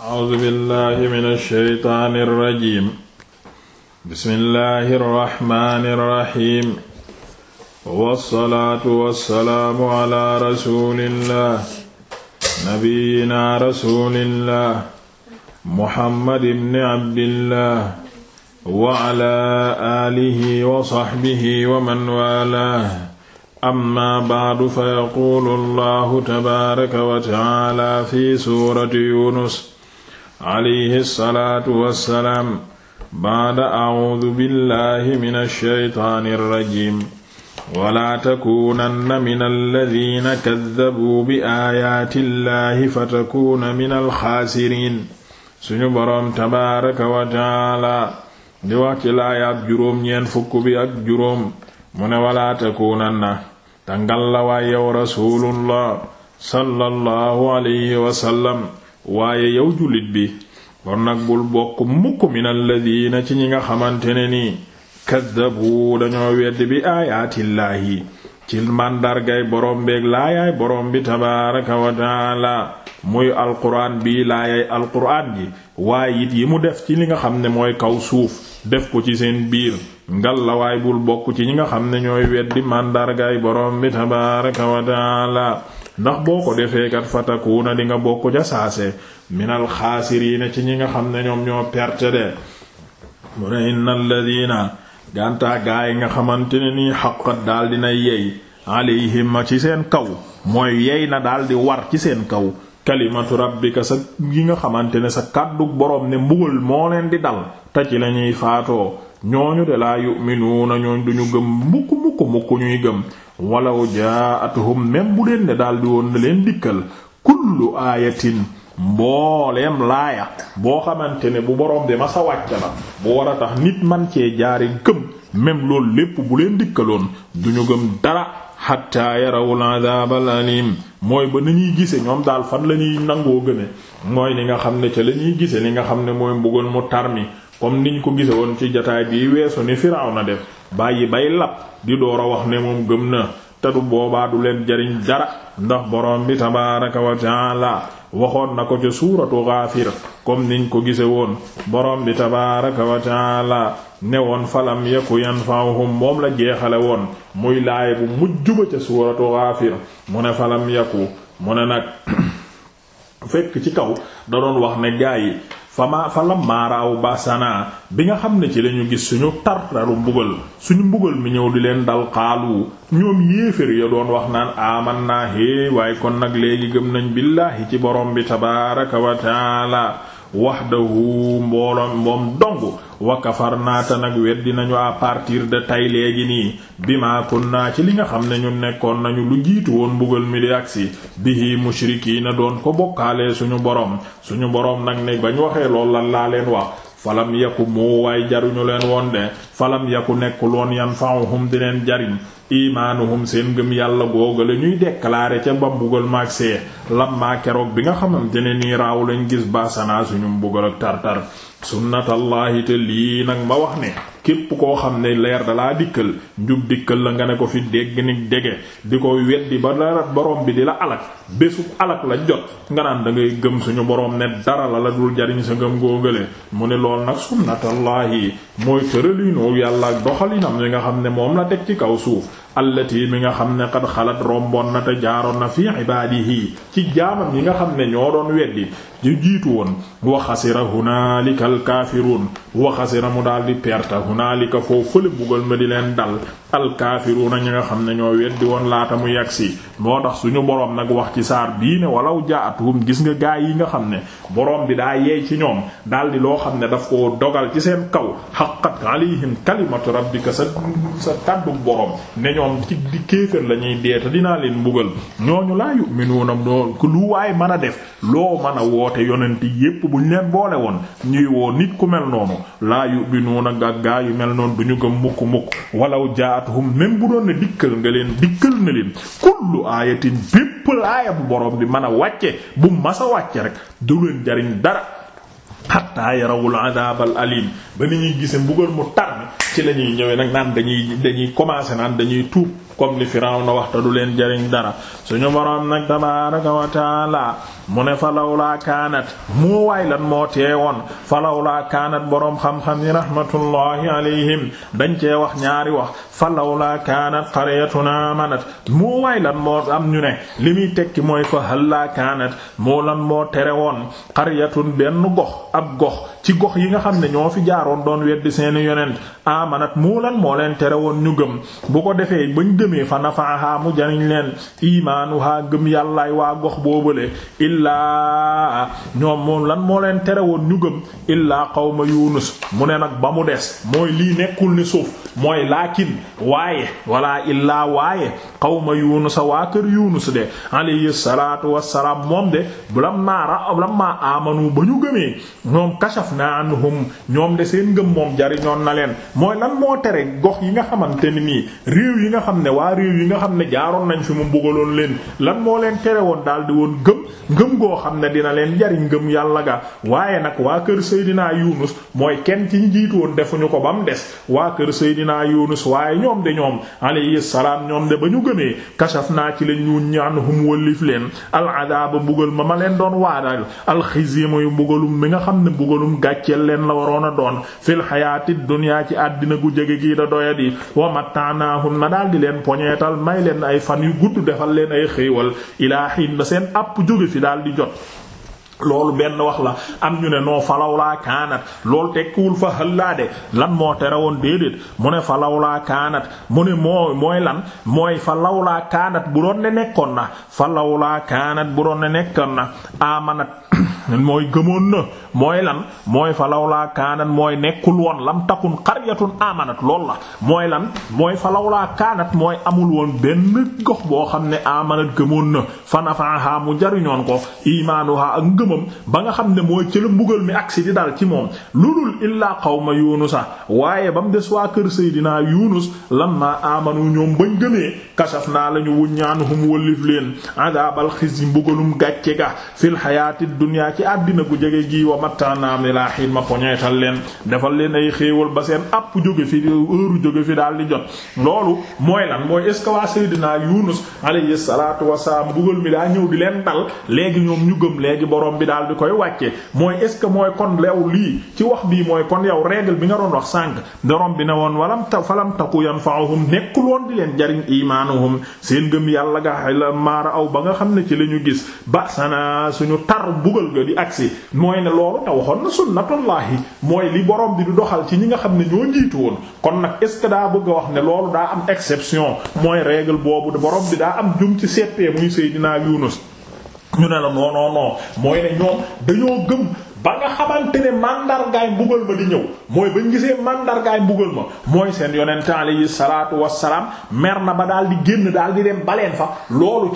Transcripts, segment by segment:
A'uuzu billaahi mina shaytaani rajiim. Bismillaahi rahmaani rahiim. Wassalaatu wassalaamu alaa rasuulillaah. Nabiyyinaa rasuulillaah. Muhammad ibn Abdillaah. Wa alaa aalihi wa sahbihi wa man waalaah. amma ba'du fa yaquulu allahu tabaaraka wa ta'aala fi suurati yunus alayhi salaatu wassalaam baada audu billahi min alsheytaani alrajim walaa takuunanna min alladina kaddabuu bi aayaati llahi fatakuuna min alxaasiriin suñu boroom tabaaraka wa taala di wax ci laayaab juróom ñeen fukk bi ak juróom mu ne walaa takuunanna tàngal la waay yow rasuulullah sallallahu alayhi wasallam waaye yow jullit bi kon nag bul bokk mukk min alladina ci ñi nga xamante ne nii kaddabu dañoo wedd bi aayaatillaahi ci màndargay borom beeg laayaay borom bi tabaaraka wa taala muy alquraan bii laayay alquraan ji waaye it yi mu def ci li nga xam ne mooy kaw suuf def ko ci seen biir ngal la waaye bul bokk ci ñi nga xam ne ñooy weddi màndargaay borom bi tabaaraka wa taala ndax boo ko defee kat fatakuuna di nga bokk ca saase minal xaasiriina ci ñi nga xam ne ñoom ñoo perte de mu ne innal ladina gàntaa gaay nga xamante ne nii xaqat daal dina yey alayhim ci seen kaw mooy yey na daal di war ci seen kaw kalimatu rabbika sa yi nga xamante ne sa kàddu borom ne mbugal moo leen di dal te ci lañuy faatoo ñooñu de laa yu'minuuna ñooñ duñu gëm mukk mukk mukk ñuy gëm walaw jaa'atuhum même bu deen ne daal di woon na leen dikkal kullu aayatin mbooleem laaya boo xamante ne bu borom de ma sa wàcc la bu war a tax nit man cee jaari gëm même loolu lépp bu leen dikkaloon duñu gëm dara xatta yarawul adaabal alim mooy ba ni ñuy gise ñoom daal fan la ñuy nangoo gëne mooy ni nga xam ne ca la ñuy gise li nga xam ne mooy mbugal mu tarmi comme niñ ko gise woon ci jataay bi weesu ni na def bàyyi bay lap di door wax ne moom gëm na te du boobaa du leen jariñ dara ndax borom bi tabaaraka wa taala waxoon na ko ca suuratu Gaafir comme niñ ko gise woon borom bi tabaaraka wa taala ne woon falam yaku yanfa'uhum moom la jeexale woon muy laay bu mujj ba ca suuratu Gaafir mu ne falam yaku mu ne nag fekk ci kaw da doon wax ne gaa yi fama fa lam maaraawu basanaa bi nga xam ne ci lañu gis suñu tartaru mbugal suñu mbugal mi ñëw di leen dal xaalu ñoom yéefér ya doon wax naan aman naa hé waaye kon nag léegi gëm nañ billaahi ci borom bi tabaaraka wa taala wax wahdahu mbooloo moom dong wa kafarnaa te nag weddi nañu à partir de tey léegi nii bima naa ci li nga xam ne ñun nekkoon nañu lu jiitu woon mbugal mi di agsi bihi na doon ko bokkaalee suñu borom suñu borom nag ne bañ waxee lool lan laa leen wax. falam yaku moo waay jaruñu leen woon de falam yaku nekkul woon yan fanhum di leen jariñ imaanuhum seen ngëm yàlla googu la ñuy déclarer ca ba mbugal maag see lammaa keroog bi nga xamante ne nii raaw lañ gis baasanaa suñu mbugal ak tartar sunnatallahi te lii nag ma wax ne képp koo xam ne leer dalaa dikkal njub dikkal la nga ne ko fi dégg ni dege di ko weddi ba dara borom bi di la alak bésu alak la jot nga naan da ngay gëm suñu borom ne dara la la dul jariñ sa ngëm góogale mu ne lool nag sunnatallahi mooy tëraliinoo yàlla doxalinam li nga xam ne moom la teg ci kaw suuf allati mi nga xam ne qad xalat romboon na te jaaroon na fi ibaadihi ci jaamam yi nga xam ne ñoo doon weddi di jiitu woon wa xasira hunaalika alkaafiruun wa xasira mu daal di perte hunaalika foofu fële bugal ma di leen dal alkaafiruuna ñi nga xam ne ñoo weddi woon laata mu yegsi moo tax suñu boroom nag wax ci saar bii ne walaw jaatuhum gis nga gaay yi nga xam ne boroom bi daa yeey ci ñoom daldi loo xam ne daf ko dogal ci seen kaw haqqat alayhim kalimatu rabbika sa sa kàddu borom ne ñoom ci di kéefër lañuy ñuy deeta dinaa leen mbugal ñooñu laa ku lu waay mën a def loo mën a woote yonent yépp bu leen boole woon ñuy woo nit ku mel noonu laa yu'minuuna yu mel noonu duñu gëm mukk mukk ataatuhum même bu doon ne dikkal nga leen dikkal na leen kullu aayatin bépp laaya bu boroom bi mën a wàcce bu masa wàcce rek du leen jariñ dara xatta yarawul adaabal alim ba ni ñuy gise mbugal mu tar ci la ñuy ñëwee nag naan dañuy dañuy commencer naan dañuy tuub comme li firaw na waxta du leen jariñ dara suñu boroom nag tabaaraka wa taala mu ne fa lawlaa kaanat mu waay lan moo teewoon fa kaanat boroom xam-xam yi rahmatullahi alayhim dañ cee wax ñaari wax fa lawlaa kaanat na amanat mu waay lan moo am ñu ne li muy tekki mooy fa hallaa kaanat moo lan moo tere woon qaryatun benn gox ab gox ci gox yi nga xam ne ñoo fi jaaroon doon weddi seeni yonent amanat moo lan moo leen tere woon ñu gëm bu ko defee ba ñu gëmee fa nafaaha mu jariñ leen imaanuha gëm yàllaay waa gox boobale illaa ñoom moom lan moo leen tere woon ñu gëm illaa qawma yunus mu ne nag ba mu des mooy lii nekkul ni suuf mooy laakin waaye wala illaa waaye qawma yunusa waa kër yunus de alayhi salaatu wassalaam moom de bu lam maa ra lam amanu ba ñu gëmee ñoom kashaf kashafna anhum ñoom de seen ngëm moom jariñoon na leen mooy lan moo tere gox yi nga xamante ne nii réew yi nga xam ne waa réew yi nga xam ne jaaroon nañ fi mu mbugaloon leen lan moo leen tere woon daal di woon ngëm ngëm goo xam ne dina leen jariñ ngëm yàlla ga waaye nag waa kër Seydina Yunus mooy kenn ci ñu jiitu woon defuñu ko ba mu des waa kër Seydina Yunus waaye ñoom de ñoom alayhi salaam ñoom de ba ñu gënee gëmee naa ci lañ ñu ñaan hum wëlif leen al adaaba ma ma leen doon gàcceel leen la waroon a doon fil xayaati dunya ci àddina gu jege gii da doyadi wa matta'naahum na daal di leen poñeetal may leen ay fan yu gudd defal leen ay xéewal ilaa hiin na seen àpp jóge fi daal di jot loolu benn wax la am ñu ne noo falawlaa kaanat lool tekkiwul fa de lan moo tere woon déedéet mu ne falawlaa kaanat mu ne moo mooy lan mooy falawlaa kaanat bu doon ne nekkoon na falawlaa kaanat bu doon ne nekkoon na amanat mooy gëmoon na mooy lan mooy fa lawlaa kaanat mooy nekkul woon lam takun qaryatun amanat lool la mooy lan mooy fa lawlaa kaanat mooy amul woon benn gox boo xam ne amanat gëmoon na fa nafaaha mu jariñoon ko imaanuha ak ngëmam ba nga xam ne mooy ci la mbugal mi agsi di dal ci moom lu dul illaa qawma yunusa waaye ba mu des waa kër seydinaa yunus lamma amanu ñoom bañ gëmee kasaf naa lañu wuññaanu hum wëllif leen adaabal xis yi mbugalum gàcce ga fil ci àddina bu jege gii wa mattaanaam ni laa xiin ma poñeetal leen defal leen ay xéewal ba seen àpp jóge fi heure jóge fi daal di jot loolu mooy lan mooy est-ce que waa Seydina Yunus alayhi salaatu wasalaam bugal mi daa ñëw di leen dal léegi ñoom ñu gëm léegi borom bi daal di koy wàcce mooy est-ce que mooy kon lew lii ci wax bii mooy kon yow règle bi nga doon wax sànq borom bi ne woon walam ta falam taku yanfa'uhum nekkul woon di leen jariñ imaanuhum seen gëm yàlla ga la maara aw ba nga xam ne ci la ñu gis ba bëgg di agsi mooy ne loolu te waxoon na sunnatullahi mooy li borom bi du doxal ci ñi nga xam ne ñoo jiitu woon kon nag est-ce que daa bëgg a wax ne loolu daa am exception mooy règle boobu borom bi daa am jum ci seppee muy Seydina si ñu ne la non non mooy ne ñoom dañoo gëm ba nga xamante ne mandargaay mbugal ma di ñëw mooy bañ gisee mandargaay mbugal ma mooy seen yonent alayhi salaatu salaam mer na ba daal di génn daal di dem baleen fa lool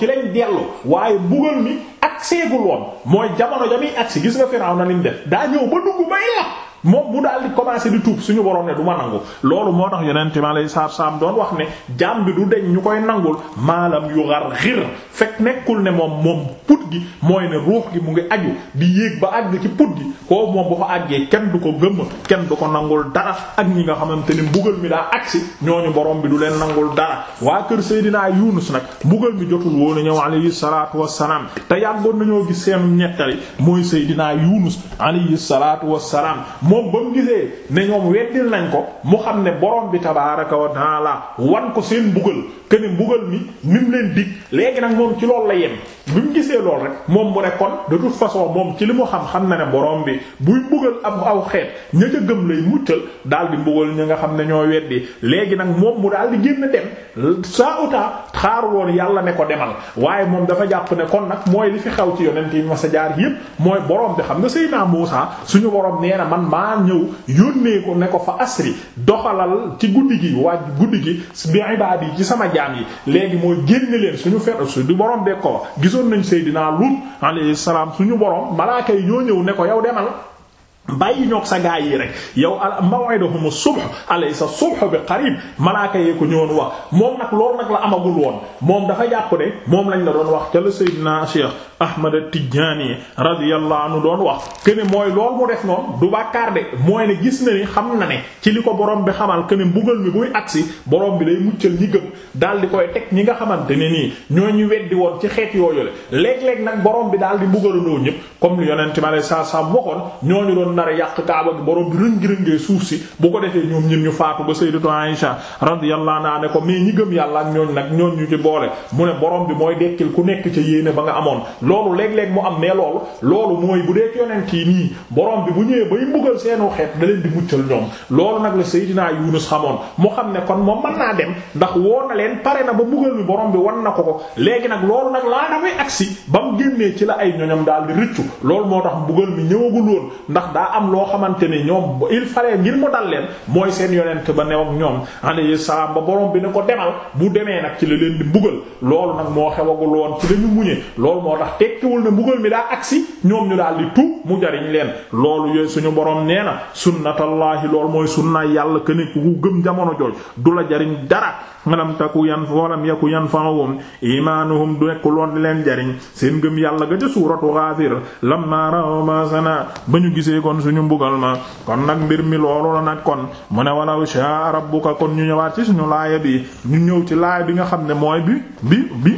agseegul woon mooy jamono ja muy agsi gis nga Firawna ni mu def daa ñëw ba dugg bay la moom mu daal di commencer di tuub suñu borom ne du ma nangu loolu moo tax yonent ma lay saab saab doon wax ne jaam bi du deñ ñu koy nangul maalam yu xar xir fekk nekkul ne moom moom put gi mooy ne ruux gi mu ngi aju di yéeg ba àgg ci put gi koo moom bu ko àggee kenn du ko gëmm kenn du ko nangul dara ak ñi nga xamante ni mbugal mi daa agsi ñooñu borom bi du leen nangul dara waa kër Seydina Yunus nag mbugal mi jotul woon a yàggoon nañoo gis seen ñettali mooy Seydina Yunus alayhi salaatu wassalaam moom ba mu gisee ne ñoom weddil nañ ko mu xam ne borom bi tabaaraka wa taala wan ko seen mbugal kene mbugal mi nim leen dig léegi nag moom ci loolu la yem bi mu gisee lool rek moom mu ne kon de toute façon moom ci li mu xam xam na ne borom bi buy mbugal am aw xeet ña ca gëm lay muccal daal di mbugal ñu nga xam ne ñoo weddi léegi nag moom mu daal di génn dem saa uta xaar woon yàlla ne ko demal waaye moom dafa jàpp ne kon nag mooy li fi xew ci yonent yi ma sa jaar yépp mooy borom bi xam nga Seydina Muusa suñu borom nee na man maa ñëw yónnee ko ne ko fa asri doxalal ci guddi gi waaj guddi gi bi ibaad yi ci sama jaam yi léegi mooy génn suñu fer su du gisoon nañ Seydina Lut suñu borom malaaka yi ñoo ñëw ne ko yow demal bàyyi ñoog sa gaay yi rek yow maw'iduhum subh alaysa subh bi qarib malaaka yee ko ñëwoon wax moom nag loolu nag la amagul woon moom dafa jàpp ne moom lañ la doon wax ca la Seydina Cheikh Ahmad Tijaani radiyallahu anhu doon wax que ne mooy loolu mu def noonu du bàkkaar de mooy ne gis na ni xam na ne ci li ko borom bi xamal que buggal mbugal mi buy agsi borom bi day muccal ñi gëm daal di koy teg ñi nga xamante ne nii ñoo ñu weddi woon ci xeet yooyu la léeg-léeg nag borom bi daal di mbugalandoo ñëpp comme lu yonent ma lay saa saa waxoon ñooñu doon nar a yàq kaaba gi borom bi rëng-rëngee suuf si bu ko defee ñoom ñun ñu faatu ba sayyidatu Aisha radiyallahu ne ko mais ñi gëm yàlla ak ñooñu nag ñooñu ñu ci boole mu ne borom bi mooy dekkil ku nekk ca yéene ba nga amoon loolu léeg-léeg mu am mais loolu loolu mooy bu dee yonent yi nii borom bi bu ñëwee bay mbugal seenu xeet da leen di muccal ñoom loolu nag la Seydina Yunus xamoon mu xam ne kon moom mën naa dem ndax woo na leen pare na ba mbugal mi borom bi wan na ko ko léegi nag loolu nag laa dafay agsi ba mu génnee ci la ay ñoñam daal di rëccu loolu moo tax mbugal mi ñëwagul ndax daa am loo xamante ne ñoom il fallait ngir mu dal leen mooy seen yonent ba new ñoom ñoom alayhi salaam ba borom bi ne ko demal bu demee nag ci la leen di mbugal loolu nag moo xewagul woon ci lañu muñe wax tekkiwul ne mbugal mi daa agsi ñoom ñu daal di tuub mu jariñ leen loolu yooyu suñu borom nee na sunnatallahi loolu mooy sunna yàlla que ne ku gëm jamono jooj du la jariñ dara malam taku yan walam yaku yan fa'um imanuhum du nekk loon di leen jariñ seen gëm yàlla ga ca suuratu Ghafir lamma ra'aw ba ñu gisee kon suñu mbugal kon nag mbir mi loolu la nag kon mu ne walaw sha'a rabbuka kon ñu ñëwaat ci suñu laaya bi ñu ñëw ci laaya bi nga xam ne mooy bi bi bi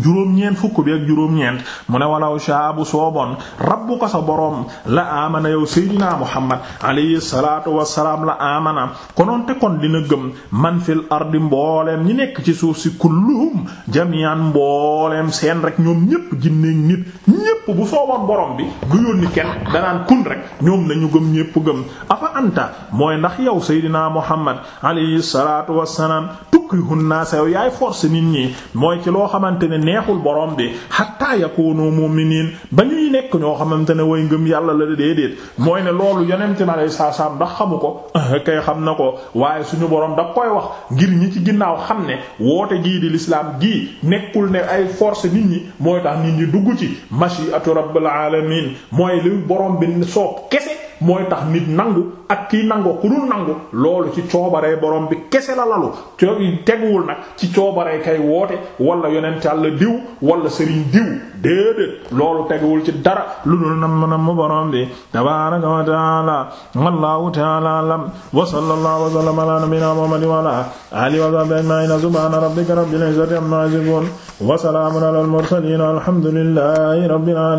juróom-ñeent fukk bi ak juróom-ñeent mu ne walaw shaa bu sooboon rabbuka sa boroom la amana yow seydinaa muhammad alayhi salaatu salaam la amana konoon te kon dina gëm man fil ardi mbooleem ñi nekk ci suuf si kulluhum jami'an mbooleem seen rek ñoom ñépp jinneek nit ñépp bu sooboon boroom bi du yónni kenn danaan kun rek ñoom lañu gëm ñépp gëm afa anta mooy ndax yow seydinaa muhammad alayhi salaatu wassalaam tukrihun naasa yow yaay force nit ñi mooy ci loo xamante ne neexul borom bi hatta mi mu'minin ba ñuy nekk ñoo xamante ne way ngëm yàlla la déedéet mooy ne loolu yonent na lay saa saam ndax xamu ko kay xam na ko waaye suñu boroom da koy wax ngir ñi ci ginnaaw xam ne woote gii di l'islam gii nekkul ne ay force nit ñi mooy tax nit ñi dugg ci mashi'atu rabbil alamin mooy li borom bi soog kese mooy tax nit nangu ak kiy nangu ku nangu loolu ci coobaree borom bi kese la lalu teguwul nag ci coobaree kay woote wala yonent Yàlla diw wala sëriñ diw déedéet loolu teguwul ci dara lu dul nam nam borom bi tabaaraka wa taala wallahu taala alam wa sallallahu wa sallama ala nabiyyina muhammadin wa ala alihi wa sahbihi ajma'in subhana rabbika rabbil izzati amma yasifun wa salamun ala al mursalin alhamdulillahi rabbil alamin